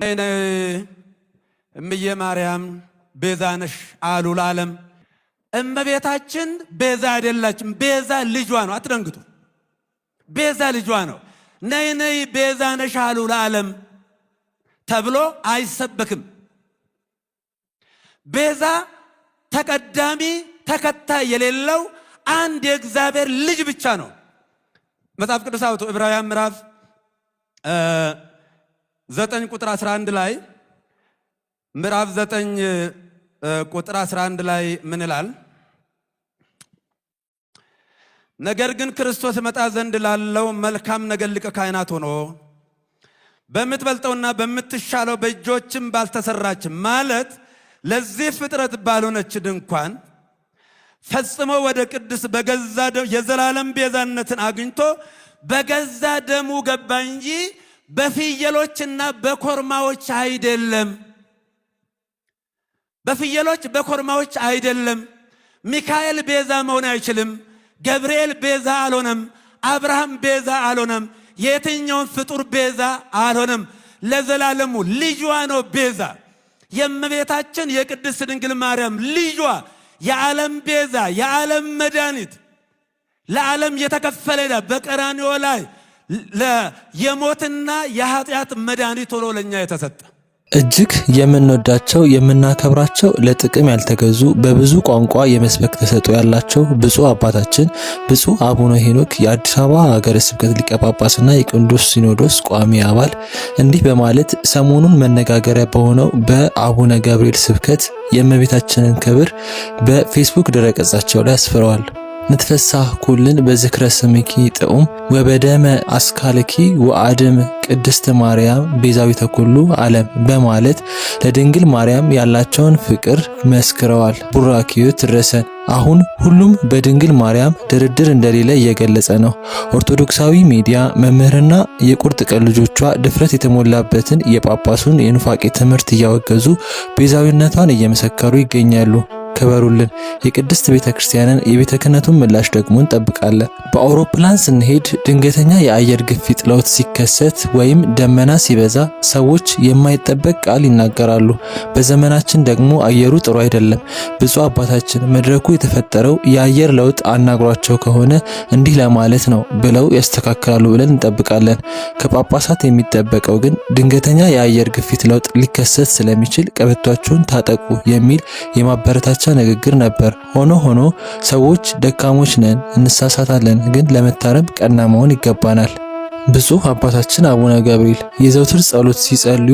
ነይ እምየ ማርያም ቤዛ ነሽ አሉ ለዓለም። እመቤታችን ቤዛ አይደላችም። ቤዛ ልጇ ነው። አትደንግጡ። ቤዛ ልጇ ነው። ነይ ነይ ቤዛ ነሽ አሉ ለዓለም ተብሎ አይሰበክም። ቤዛ ተቀዳሚ ተከታይ የሌለው አንድ የእግዚአብሔር ልጅ ብቻ ነው። መጽሐፍ ቅዱስ አውቶ ዕብራውያን ምዕራፍ ዘጠኝ ቁጥር 11 ላይ ምዕራፍ ዘጠኝ ቁጥር 11 ላይ ምን ይላል? ነገር ግን ክርስቶስ መጣ ዘንድ ላለው መልካም ነገር ሊቀ ካህናት ሆኖ በምትበልጠውና በምትሻለው በእጆችም ባልተሰራች ማለት ለዚህ ፍጥረት ባልሆነች ድንኳን ፈጽሞ ወደ ቅድስ በገዛ የዘላለም ቤዛነትን አግኝቶ በገዛ ደሙ ገባ እንጂ በፍየሎችና በኮርማዎች አይደለም። በፍየሎች በኮርማዎች አይደለም። ሚካኤል ቤዛ መሆን አይችልም። ገብርኤል ቤዛ አልሆነም። አብርሃም ቤዛ አልሆነም። የትኛውን ፍጡር ቤዛ አልሆነም። ለዘላለሙ ልጇ ነው ቤዛ። የእመቤታችን የቅድስት ድንግል ማርያም ልጇ የዓለም ቤዛ፣ የዓለም መድኃኒት፣ ለዓለም የተከፈለ ዕዳ በቀራንዮ ላይ የሞትና የኃጢአት መድኃኒት ሆኖ ለእኛ የተሰጠ እጅግ የምንወዳቸው የምናከብራቸው ለጥቅም ያልተገዙ በብዙ ቋንቋ የመስበክ ተሰጥኦ ያላቸው ብፁዕ አባታችን ብፁዕ አቡነ ሄኖክ የአዲስ አበባ ሀገረ ስብከት ሊቀ ጳጳስና የቅዱስ ሲኖዶስ ቋሚ አባል እንዲህ በማለት ሰሞኑን መነጋገሪያ በሆነው በአቡነ ገብርኤል ስብከት የእመቤታችንን ክብር በፌስቡክ ድረገጻቸው ላይ አስፍረዋል። ንትፈሳህ ኩልን በዝክረ ስምኪ ጥዑም ወበደመ አስካልኪ ወአድም ቅድስት ማርያም ቤዛዊተ ኩሉ ዓለም በማለት ለድንግል ማርያም ያላቸውን ፍቅር መስክረዋል። ቡራኪዮ ትረሰን። አሁን ሁሉም በድንግል ማርያም ድርድር እንደሌለ እየገለጸ ነው። ኦርቶዶክሳዊ ሚዲያ መምህርና የቁርጥ ቀን ልጆቿ ድፍረት የተሞላበትን የጳጳሱን የኑፋቄ ትምህርት እያወገዙ ቤዛዊነቷን እየመሰከሩ ይገኛሉ። ክበሩልን። የቅድስት ቤተ ክርስቲያንን የቤተ ክህነቱን ምላሽ ደግሞ እንጠብቃለን። በአውሮፕላን ስንሄድ ድንገተኛ የአየር ግፊት ለውጥ ሲከሰት ወይም ደመና ሲበዛ ሰዎች የማይጠበቅ ቃል ይናገራሉ። በዘመናችን ደግሞ አየሩ ጥሩ አይደለም። ብፁዕ አባታችን መድረኩ የተፈጠረው የአየር ለውጥ አናግሯቸው ከሆነ እንዲህ ለማለት ነው ብለው ያስተካክላሉ ብለን እንጠብቃለን። ከጳጳሳት የሚጠበቀው ግን ድንገተኛ የአየር ግፊት ለውጥ ሊከሰት ስለሚችል ቀበቷችሁን ታጠቁ የሚል የማበረታቸው ብቻ ንግግር ነበር። ሆኖ ሆኖ ሰዎች ደካሞች ነን፣ እንሳሳታለን፣ ግን ለመታረም ቀና መሆን ይገባናል። ብፁዕ አባታችን አቡነ ገብርኤል የዘውትር ጸሎት ሲጸልዩ